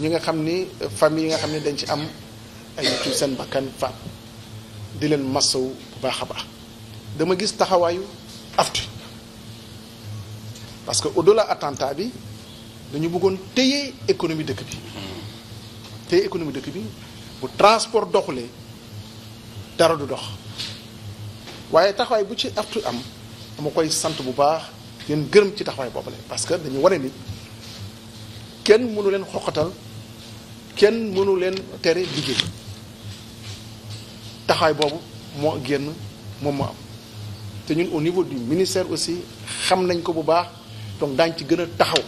ñi nga xam ni famille yi nga xam ni dañ ci am ay ci seen bakkan faat di leen massaw bu baax a baax dama gis taxawaayu aftu parce que au-delà attentat bi dañu bëggoon téye économie dëkk bi économie dëkk bi bu transport doxulee dara du dox waaye taxawaay bu ci aftu am dama koy sant bu baax leen gërëm ci taxawaay boobale parce que dañu wane ni kenn mënu leen xoqatal kenn mënu leen tere liggéey taxaay boobu moo génn moom moo am te ñun au niveau du ministère aussi xam nañ ko bu baax donc daañ ci gën a taxaw